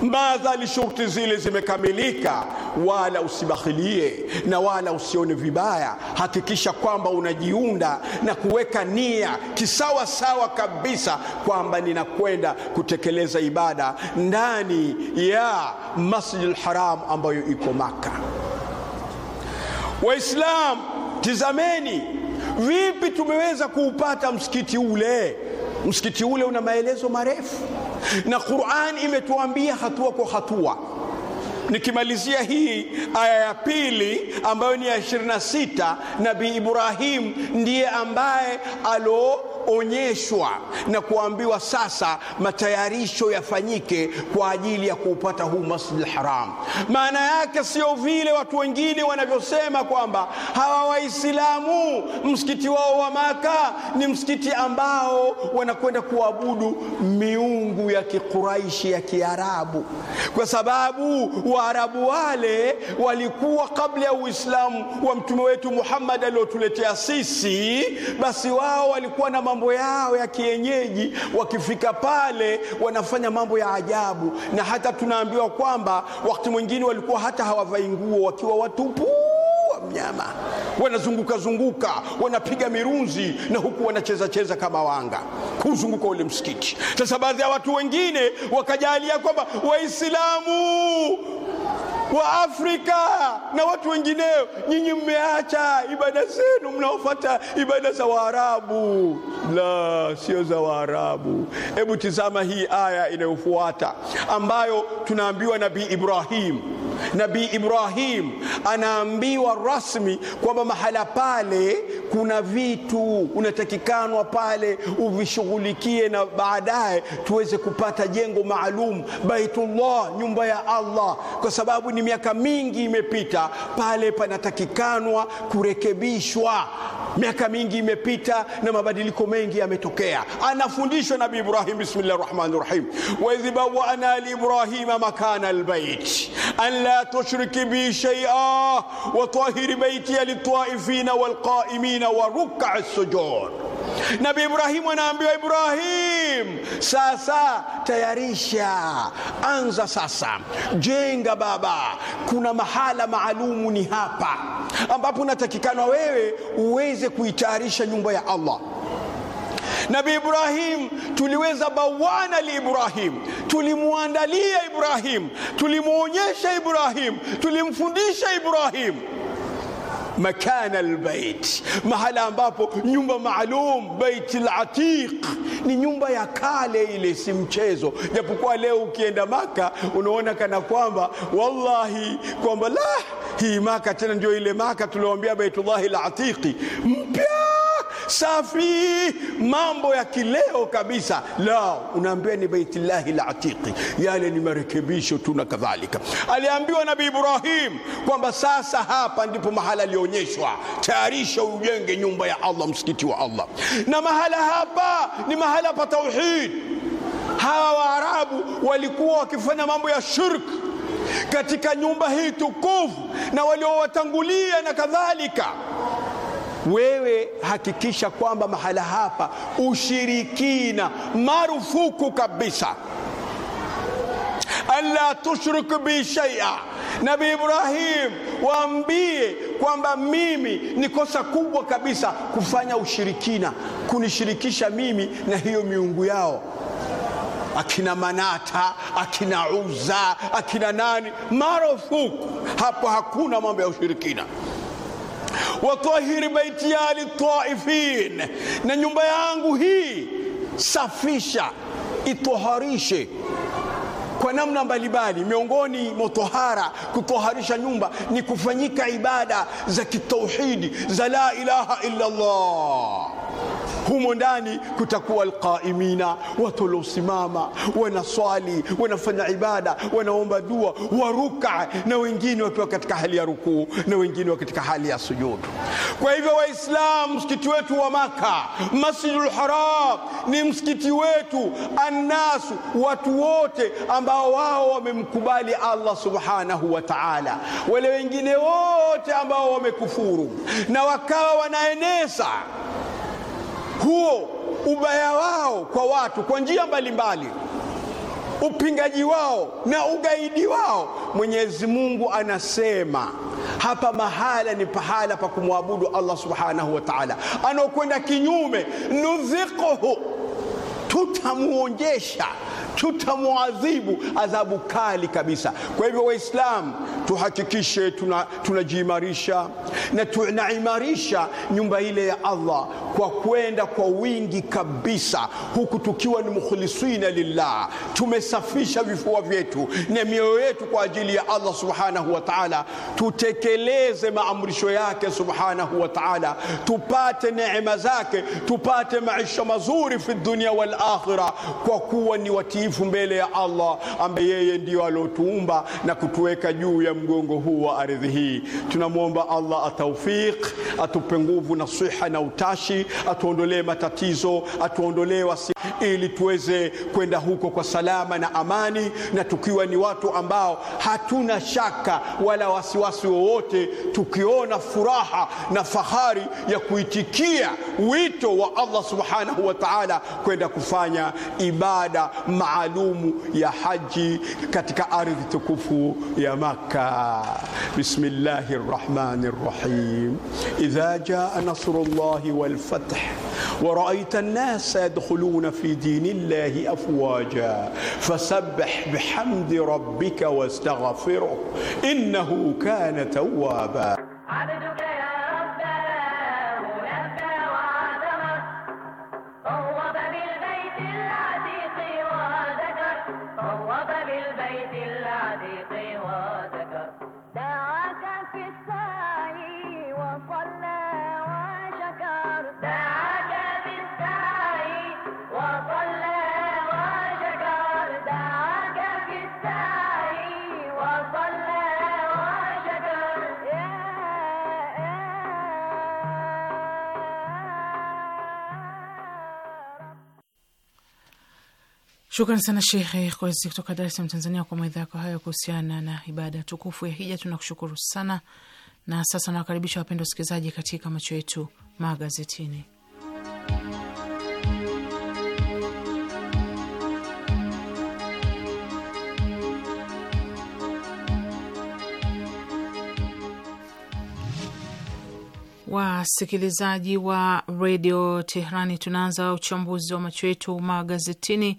madhali shurti zile zimekamilika, wala usibakhilie na wala usione vibaya. Hakikisha kwamba unajiunda na kuweka nia kisawa sawa kabisa kwamba ninakwenda kutekeleza ibada ndani ya masjidi Haram ambayo iko Maka. Waislam, tizameni vipi tumeweza kuupata msikiti ule msikiti ule una maelezo marefu na quran imetuambia hatua kwa hatua nikimalizia hii aya ya pili ambayo ni ya 26 nabii ibrahim ndiye ambaye alo onyeshwa na kuambiwa sasa matayarisho yafanyike kwa ajili ya kuupata huu Masjidil Haram. Maana yake sio vile watu wengine wanavyosema kwamba hawa Waislamu msikiti wao wa Maka ni msikiti ambao wanakwenda kuabudu miungu ya Kikuraishi ya Kiarabu, kwa sababu Waarabu wale walikuwa kabla ya Uislamu wa mtume wetu Muhammad aliotuletea sisi, basi wao walikuwa na mambo yao ya kienyeji, wakifika pale wanafanya mambo ya ajabu, na hata tunaambiwa kwamba wakati mwingine walikuwa hata hawavai nguo wakiwa watupu mnyama, wanazunguka zunguka, wanapiga mirunzi na huku wanacheza cheza kama wanga kuzunguka ule msikiti. Sasa baadhi ya watu wengine wakajalia kwamba Waislamu wa Afrika na watu wengineo, nyinyi mmeacha ibada zenu, mnaofuata ibada za Waarabu. La, sio za Waarabu. Hebu tizama hii aya inayofuata ambayo tunaambiwa Nabii Ibrahim Nabii Ibrahim anaambiwa rasmi kwamba mahala pale kuna vitu unatakikanwa pale uvishughulikie, na baadaye tuweze kupata jengo maalum Baitullah, nyumba ya Allah, kwa sababu ni miaka mingi imepita, pale panatakikanwa kurekebishwa miaka mingi imepita na mabadiliko mengi yametokea. Anafundishwa Nabii Ibrahim, bismillahi rahmani rahim, waidh bawana liibrahima makana albayt an ولا تشرك بي شيئا وطهر بيتي للطائفين والقائمين وركع السجود nabi ibrahimu anaambiwa ibrahim sasa tayarisha anza sasa jenga baba kuna mahala maalumu ni hapa ambapo unatakikana wewe uweze kuitayarisha nyumba ya allah Nabii Ibrahim tuliweza bawana li Ibrahim, tulimwandalia Ibrahim, tulimwonyesha Ibrahim, tulimfundisha Ibrahim makana albayt, mahala ambapo nyumba maalum Baitul latiq ni nyumba ya kale ile, si mchezo. Japokuwa leo ukienda Maka unaona kana kwamba wallahi kwamba la hii Maka tena ndio ile Maka tulioambia Baitullahi al mpya safi, mambo ya kileo kabisa. La, unaambiwa ni Baitullahi latiki, yale ni marekebisho tu na kadhalika. Aliambiwa Nabii Ibrahim kwamba sasa hapa ndipo mahala alionyeshwa, tayarisha ujenge nyumba ya Allah, msikiti wa Allah, na mahala hapa ni mahala pa tauhid. Hawa Waarabu walikuwa wakifanya mambo ya shirk katika nyumba hii tukufu na waliowatangulia na kadhalika. Wewe hakikisha kwamba mahala hapa ushirikina marufuku kabisa. Alla tushriku bi shaia. nabi Ibrahim, waambie kwamba mimi ni kosa kubwa kabisa kufanya ushirikina, kunishirikisha mimi na hiyo miungu yao akina Manata, akina Uza, akina nani, marufuku hapo. Hakuna mambo ya ushirikina watahiri baiti ya litaifin, na nyumba yangu hii safisha, itoharishe kwa namna mbalimbali. Miongoni mwa tohara, kutoharisha nyumba ni kufanyika ibada za kitauhidi za la ilaha illa Allah humo ndani kutakuwa alqaimina, watu waliosimama wanaswali, wanafanya ibada, wanaomba dua, waruka, na wengine wakiwa katika hali ya rukuu, na wengine wa katika hali ya sujudu. Kwa hivyo, Waislamu, msikiti wetu wa Maka, Masjidul Haram, ni msikiti wetu, annasu, watu wote ambao wao wamemkubali Allah subhanahu wa taala, wale wengine wote ambao wamekufuru na wakawa wanaenesa huo ubaya wao kwa watu kwa njia mbalimbali upingaji wao na ugaidi wao mwenyezi mungu anasema hapa mahala ni pahala pa kumwabudu allah subhanahu wa taala anaokwenda kinyume nudhiquhu tutamuonjesha tutamwadhibu adhabu kali kabisa. Kwa hivyo, Waislamu tuhakikishe tunajiimarisha tuna na tunaimarisha nyumba ile ya Allah kwa kwenda kwa wingi kabisa, huku tukiwa ni mukhlisina lillah, tumesafisha vifua vyetu na mioyo yetu kwa ajili ya Allah subhanahu wa ta'ala. Tutekeleze maamrisho yake subhanahu wa ta'ala, tupate neema zake, tupate maisha mazuri fi dunia wal akhirah, kwa kuwa ni wati dhaifu mbele ya Allah ambaye yeye ndiyo aliotuumba na kutuweka juu ya mgongo huu wa ardhi hii. Tunamwomba Allah atawfiq, atupe nguvu na siha na utashi, atuondolee matatizo, atuondolee wasi, ili tuweze kwenda huko kwa salama na amani, na tukiwa ni watu ambao hatuna shaka wala wasiwasi wowote, tukiona furaha na fahari ya kuitikia wito wa Allah subhanahu wa ta'ala kwenda kufanya ibada ma maalumu ya haji katika ardhi tukufu ya Makka. Bismillahi rrahmani rrahim. Idha jaa nasrullahi walfath ورأيت الناس يدخلون في دين الله أفواجا فسبح بحمد ربك واستغفره إنه كان توابا في السعي وصلى Shukran sana Shekhe Kwezi kutoka Dar es Salaam, Tanzania, kwa maidha yako hayo kuhusiana na ibada tukufu ya hija. Tunakushukuru sana, na sasa nawakaribisha wapendwa wasikilizaji katika macho yetu magazetini. Wasikilizaji wa redio Teherani, tunaanza uchambuzi wa macho yetu magazetini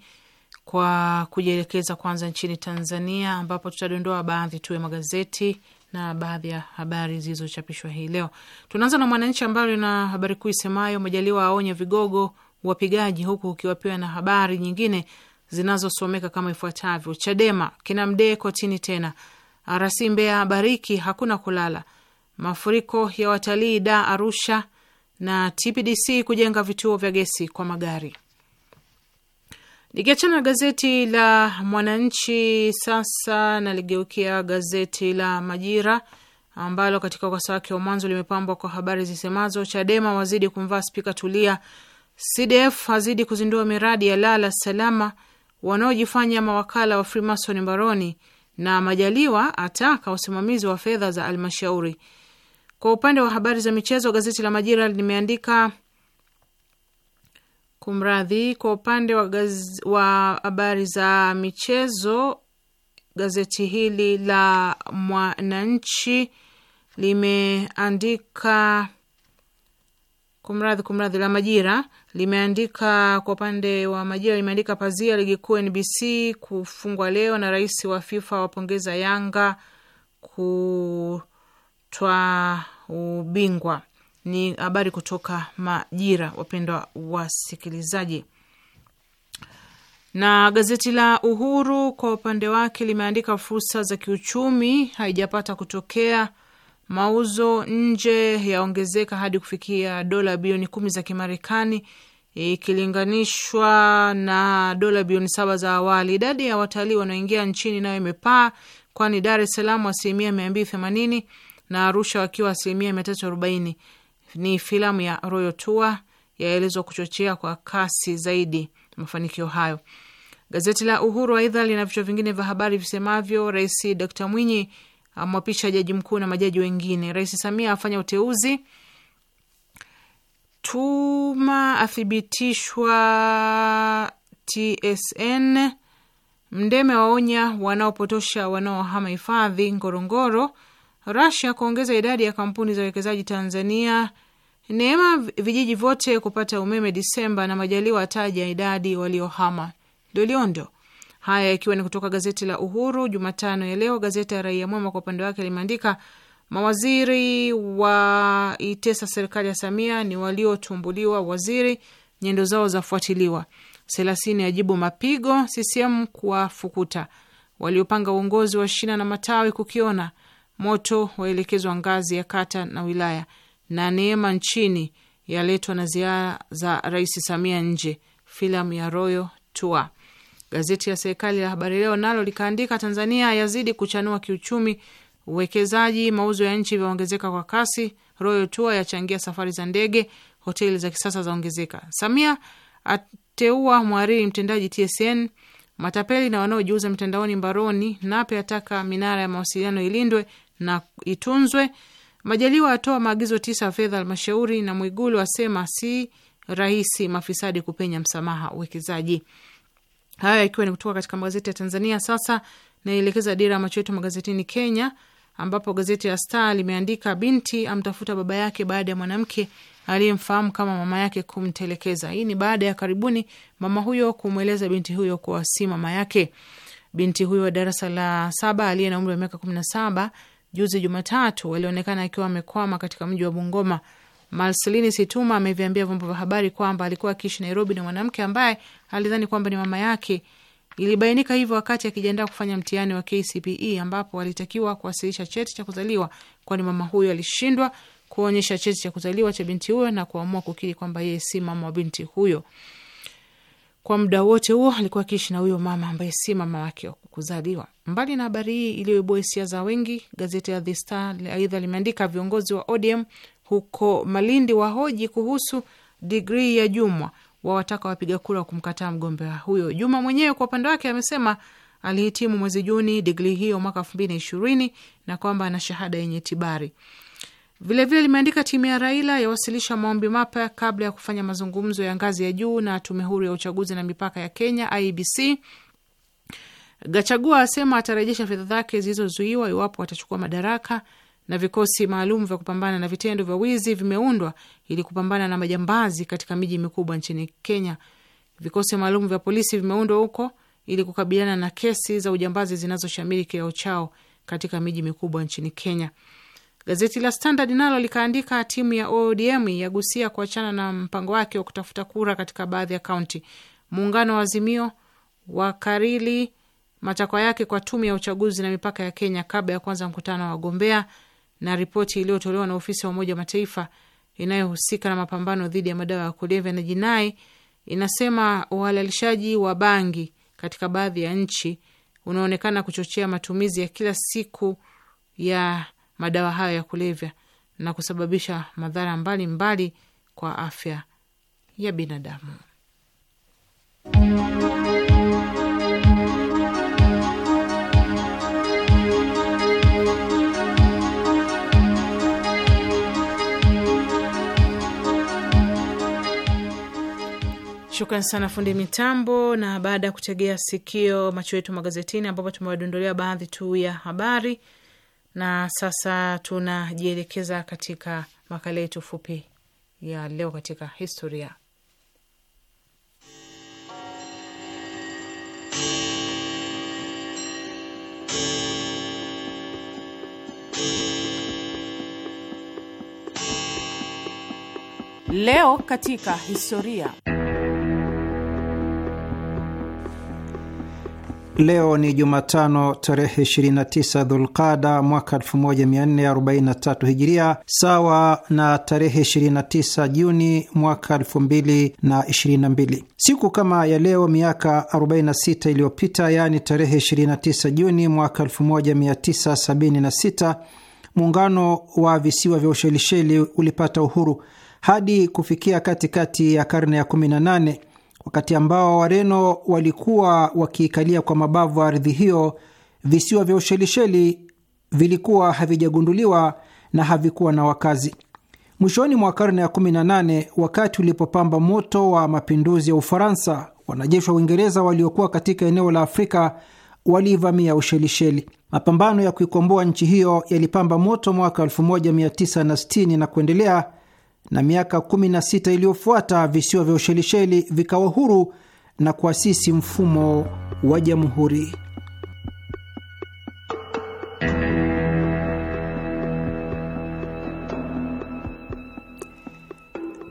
kwa kujielekeza kwanza nchini Tanzania, ambapo tutadondoa baadhi tu ya magazeti na baadhi ya habari zilizochapishwa hii leo. Tunaanza na Mwananchi ambayo ina habari kuu isemayo Majaliwa aonye vigogo wapigaji, huku ukiwapiwa na habari nyingine zinazosomeka kama ifuatavyo: Chadema kina Mdee kotini tena, RC Mbeya bariki hakuna kulala, mafuriko ya watalii da Arusha, na TPDC kujenga vituo vya gesi kwa magari. Nikiachana na gazeti la Mwananchi sasa naligeukia gazeti la Majira ambalo katika ukurasa wake wa mwanzo limepambwa kwa habari zisemazo: Chadema wazidi kumvaa Spika Tulia, CDF hazidi kuzindua miradi ya lala salama, wanaojifanya mawakala wa Freemason mbaroni, na Majaliwa ataka usimamizi wa fedha za almashauri. Kwa upande wa habari za michezo, gazeti la Majira limeandika Kumradhi. Kwa upande wa wa habari za michezo, gazeti hili la Mwananchi limeandika kumradhi, kumradhi, la Majira limeandika kwa upande wa Majira limeandika pazia ligi kuu NBC kufungwa leo, na rais wa FIFA wapongeza Yanga kutwa ubingwa ni habari kutoka Majira, wapendwa wasikilizaji. Na gazeti la Uhuru kwa upande wake limeandika fursa za kiuchumi haijapata kutokea, mauzo nje yaongezeka hadi kufikia dola bilioni kumi za Kimarekani ikilinganishwa na dola bilioni saba za awali. Idadi ya watalii wanaoingia nchini nayo imepaa, kwani Dar es Salaam asilimia mia mbili themanini na Arusha wakiwa asilimia mia tatu arobaini ni filamu ya Royal Tour yaelezwa kuchochea kwa kasi zaidi mafanikio hayo. Gazeti la Uhuru aidha lina vichwa vingine vya habari visemavyo: Rais Dkt Mwinyi amwapisha jaji mkuu na majaji wengine, Rais Samia afanya uteuzi, Tuma athibitishwa TSN, Mdeme waonya wanaopotosha wanaohama hifadhi Ngorongoro, Rasia kuongeza idadi ya kampuni za uwekezaji Tanzania. Neema vijiji vyote kupata umeme Disemba, na Majaliwa ataja idadi waliohama Doliondo. Haya ikiwa ni kutoka gazeti la Uhuru Jumatano ya leo. Gazeti ya Raia Mwema kwa upande wake limeandika mawaziri wa itesa serikali ya Samia ni waliotumbuliwa, waziri nyendo zao zafuatiliwa, Selasini ajibu mapigo CCM kuwafukuta, waliopanga uongozi wa shina na matawi kukiona moto waelekezwa ngazi ya kata na wilaya, na neema nchini yaletwa na ziara za Rais Samia nje, filamu ya Royo Tua. Gazeti la serikali la Habari Leo nalo likaandika Tanzania yazidi kuchanua kiuchumi, uwekezaji, mauzo ya nchi vyaongezeka kwa kasi, Royo Tua yachangia safari za ndege, hoteli za kisasa zaongezeka, Samia ateua mhariri mtendaji TSN, matapeli na wanaojiuza mtandaoni mbaroni, Nape ataka minara ya mawasiliano ilindwe na itunzwe. Majaliwa atoa maagizo tisa fedha halmashauri, na Mwigulu asema si rahisi mafisadi kupenya msamaha uwekezaji. Hayo yakiwa ni kutoka katika magazeti ya Tanzania. Sasa naelekeza dira ya macho yetu magazetini Kenya, ambapo gazeti la Star limeandika binti amtafuta baba yake baada ya mwanamke aliyemfahamu kama mama yake kumtelekeza. Hii ni baada ya karibuni mama huyo kumweleza binti huyo kuwa si mama yake. Binti huyo wa darasa la saba aliye na umri wa miaka kumi na saba juzi Jumatatu alionekana akiwa amekwama katika mji wa Bungoma. Marselini Situma ameviambia vyombo vya habari kwamba alikuwa akiishi Nairobi na mwanamke ambaye alidhani kwamba ni mama yake. Ilibainika hivyo wakati akijiandaa kufanya mtihani wa KCPE ambapo alitakiwa kuwasilisha cheti cha kuzaliwa, kwani mama huyo alishindwa kuonyesha cheti cha kuzaliwa cha binti huyo na kuamua kukiri kwamba yeye si mama wa binti huyo. Kwa muda wote huo alikuwa akiishi na huyo mama ambaye si mama wake wakuzaliwa kuzaliwa. Mbali na habari hii iliyoibua hisia za wengi, gazeti la The Star aidha limeandika viongozi wa ODM huko Malindi wahoji kuhusu digrii ya Jumwa, wawataka wapiga kura wa kumkataa mgombea huyo. Juma mwenyewe kwa upande wake amesema alihitimu mwezi Juni digrii hiyo mwaka elfu mbili na ishirini na kwamba ana shahada yenye tibari. Vilevile limeandika timu ya Raila yawasilisha maombi mapya kabla ya kufanya mazungumzo ya ngazi ya juu na tume huru ya uchaguzi na mipaka ya Kenya, ibc e Gachagua asema atarejesha fedha zake zilizozuiwa iwapo atachukua madaraka, na vikosi maalum vya kupambana na vitendo vya wizi vimeundwa ili kupambana na majambazi katika miji mikubwa nchini Kenya. Vikosi maalum vya polisi vimeundwa huko ili kukabiliana na kesi za ujambazi zinazoshamiri kiao chao katika miji mikubwa nchini Kenya. Gazeti la Standard nalo likaandika timu ya ODM yagusia kuachana na mpango wake wa kutafuta kura katika baadhi ya kaunti. Muungano wa Azimio wakarili matakwa yake kwa tume ya uchaguzi na mipaka ya Kenya kabla ya kuanza mkutano wa wagombea. Na ripoti iliyotolewa na ofisi ya Umoja wa Mataifa inayohusika na mapambano dhidi ya madawa ya kulevya na jinai inasema uhalalishaji wa bangi katika baadhi ya nchi unaonekana kuchochea matumizi ya kila siku ya madawa hayo ya kulevya na kusababisha madhara mbalimbali mbali kwa afya ya binadamu. Shukrani sana fundi mitambo. Na baada ya kutegea sikio, macho yetu magazetini, ambapo tumewadondolea baadhi tu ya habari na sasa tunajielekeza katika makala yetu fupi ya leo katika historia. Leo katika historia. Leo ni Jumatano tarehe 29 Dhulqada mwaka 1443 Hijiria, sawa na tarehe 29 Juni mwaka 2022. Siku kama ya leo miaka 46 iliyopita, yaani tarehe 29 Juni mwaka 1976, muungano wa visiwa vya Ushelisheli ulipata uhuru. Hadi kufikia katikati ya karne ya 18 wakati ambao Wareno walikuwa wakiikalia kwa mabavu ardhi hiyo, visiwa vya Ushelisheli vilikuwa havijagunduliwa na havikuwa na wakazi. Mwishoni mwa karne ya 18 wakati ulipopamba moto wa mapinduzi ya Ufaransa, wanajeshi wa Uingereza waliokuwa katika eneo la Afrika waliivamia Ushelisheli. Mapambano ya kuikomboa nchi hiyo yalipamba moto mwaka 1960 na kuendelea na miaka 16 iliyofuata visiwa vya Ushelisheli vikawa huru na kuasisi mfumo wa jamhuri.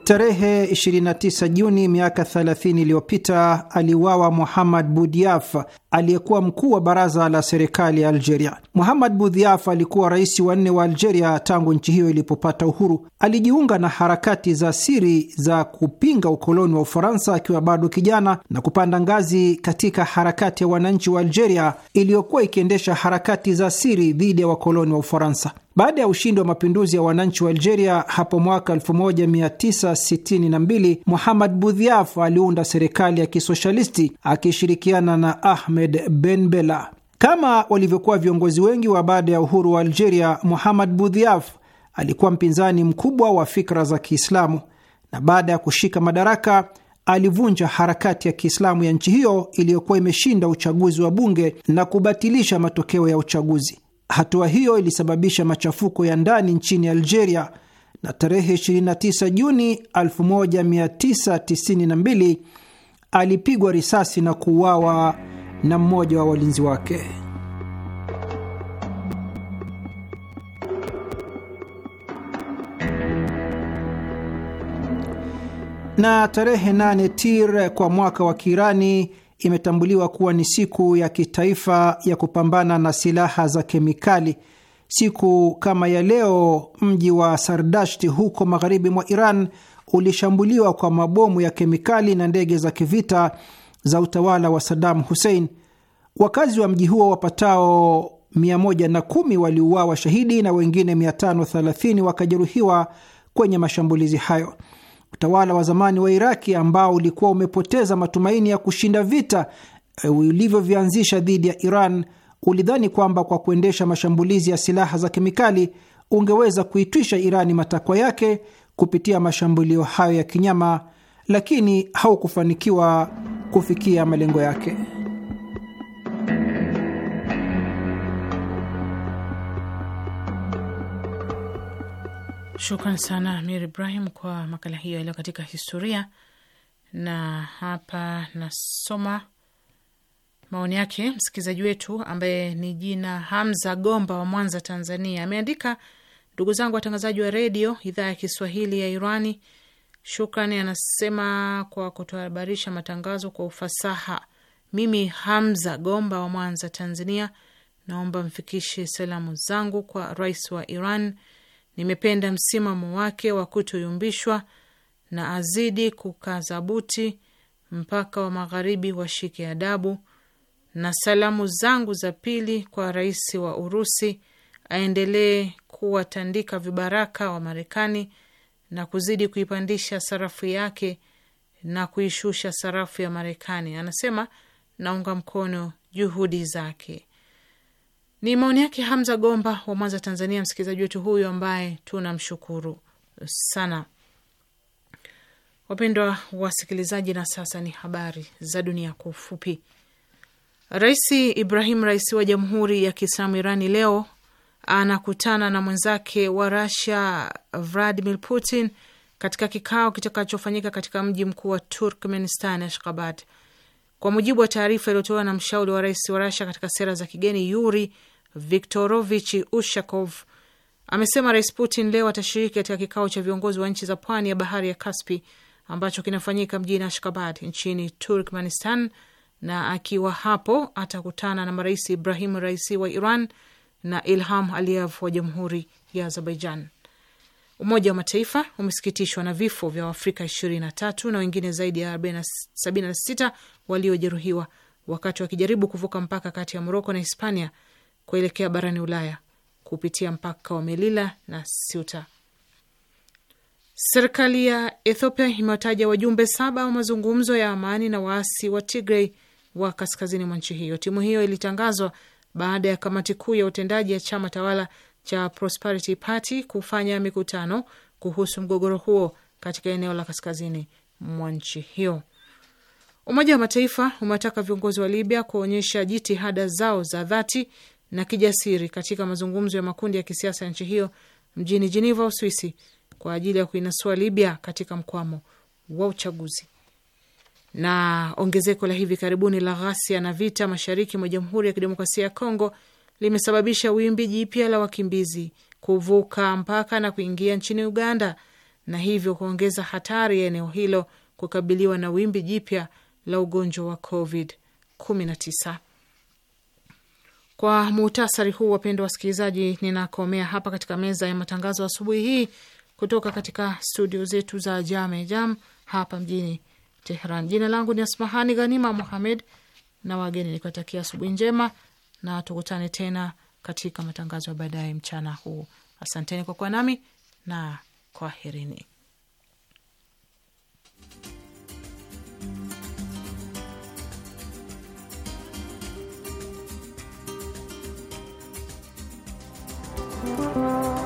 Tarehe 29 Juni miaka 30 iliyopita aliuawa Muhammad Budiaf aliyekuwa mkuu wa baraza la serikali ya Algeria. Muhammad Budiaf alikuwa rais wa nne wa Algeria tangu nchi hiyo ilipopata uhuru. Alijiunga na harakati za siri za kupinga ukoloni wa Ufaransa akiwa bado kijana na kupanda ngazi katika harakati ya wananchi wa Algeria iliyokuwa ikiendesha harakati za siri dhidi ya wakoloni wa Ufaransa. Baada ya ushindi wa mapinduzi ya wananchi wa Algeria hapo mwaka 1962, Muhamad Budhiaf aliunda serikali ya kisoshalisti akishirikiana na Ahmed benbela Kama walivyokuwa viongozi wengi wa baada ya uhuru wa Algeria, Muhamad Budhiaf alikuwa mpinzani mkubwa wa fikra za Kiislamu, na baada ya kushika madaraka alivunja harakati ya Kiislamu ya nchi hiyo iliyokuwa imeshinda uchaguzi wa bunge na kubatilisha matokeo ya uchaguzi. Hatua hiyo ilisababisha machafuko ya ndani nchini Algeria na tarehe 29 Juni 1992 alipigwa risasi na kuuawa na mmoja wa walinzi wake. Na tarehe 8 Tir kwa mwaka wa Kiirani imetambuliwa kuwa ni siku ya kitaifa ya kupambana na silaha za kemikali. Siku kama ya leo, mji wa Sardashti huko magharibi mwa Iran ulishambuliwa kwa mabomu ya kemikali na ndege za kivita za utawala wa Saddam Hussein. Wakazi wa mji huo wapatao 110 waliuawa shahidi na wengine 530 wakajeruhiwa kwenye mashambulizi hayo. Utawala wa zamani wa Iraki ambao ulikuwa umepoteza matumaini ya kushinda vita e, ulivyovianzisha dhidi ya Iran ulidhani kwamba kwa kuendesha mashambulizi ya silaha za kemikali ungeweza kuitwisha Irani matakwa yake kupitia mashambulio hayo ya kinyama, lakini haukufanikiwa kufikia malengo yake. Shukran sana Amir Ibrahim kwa makala hiyo yaliyo katika historia. Na hapa nasoma maoni yake msikilizaji wetu ambaye ni jina Hamza Gomba wa Mwanza, Tanzania. Ameandika, ndugu zangu watangazaji wa redio idhaa ya Kiswahili ya Irani, shukrani. Anasema kwa kutuhabarisha matangazo kwa ufasaha. Mimi Hamza Gomba wa Mwanza, Tanzania, naomba mfikishe salamu zangu kwa rais wa Iran Nimependa msimamo wake wa kutoyumbishwa na azidi buti mpaka wa magharibi washike adabu. Na salamu zangu za pili kwa rais wa Urusi, aendelee kuwatandika vibaraka wa Marekani na kuzidi kuipandisha sarafu yake na kuishusha sarafu ya Marekani. Anasema naunga mkono juhudi zake. Ni maoni yake Hamza Gomba wa Mwanza, Tanzania, msikilizaji wetu huyu ambaye tunamshukuru sana. Wapendwa wasikilizaji, na sasa ni habari za dunia kwa ufupi. Rais Ibrahim Raisi wa Jamhuri ya Kiislamu Irani leo anakutana na mwenzake wa Rasia Vladimir Putin katika kikao kitakachofanyika katika mji mkuu wa Turkmenistan, Ashkabad. Kwa mujibu wa taarifa iliyotolewa na mshauri wa rais wa Rasia katika sera za kigeni Yuri Viktorovich Ushakov amesema Rais Putin leo atashiriki katika kikao cha viongozi wa nchi za pwani ya bahari ya Kaspi ambacho kinafanyika mjini Ashkabad nchini Turkmenistan, na akiwa hapo atakutana na marais Ibrahim Raisi wa Iran na Ilham Aliyev wa Jamhuri ya Azerbaijan. Umoja wa Mataifa umesikitishwa na vifo vya Waafrika 23 na wengine zaidi ya 476 waliojeruhiwa wakati wakijaribu kuvuka mpaka kati ya Moroko na Hispania kuelekea barani Ulaya kupitia mpaka wa Melila na Siuta. Serikali ya Ethiopia imewataja wajumbe saba wa mazungumzo ya amani na waasi wa Tigray wa kaskazini mwa nchi hiyo. Timu hiyo ilitangazwa baada ya kamati kuu ya utendaji ya chama tawala cha Prosperity Party kufanya mikutano kuhusu mgogoro huo katika eneo la kaskazini mwa nchi hiyo. Umoja wa Mataifa umewataka viongozi wa Libya kuonyesha jitihada zao za dhati na kijasiri katika mazungumzo ya makundi ya kisiasa ya nchi hiyo mjini Jeneva, Uswisi, kwa ajili ya kuinasua Libya katika mkwamo wa uchaguzi. Na ongezeko la hivi karibuni la ghasia na vita mashariki mwa Jamhuri ya Kidemokrasia ya Kongo limesababisha wimbi jipya la wakimbizi kuvuka mpaka na kuingia nchini Uganda na hivyo kuongeza hatari ya eneo hilo kukabiliwa na wimbi jipya la ugonjwa wa COVID 19. Kwa muhtasari huu, wapendwa wasikilizaji, ninakomea hapa katika meza ya matangazo asubuhi hii kutoka katika studio zetu za Jame Jam hapa mjini Tehran. Jina langu ni Asmahani Ghanima Muhamed na wageni nikiwatakia asubuhi njema na tukutane tena katika matangazo ya baadaye mchana huu. Asanteni kwa kuwa nami na kwaherini. Thank you.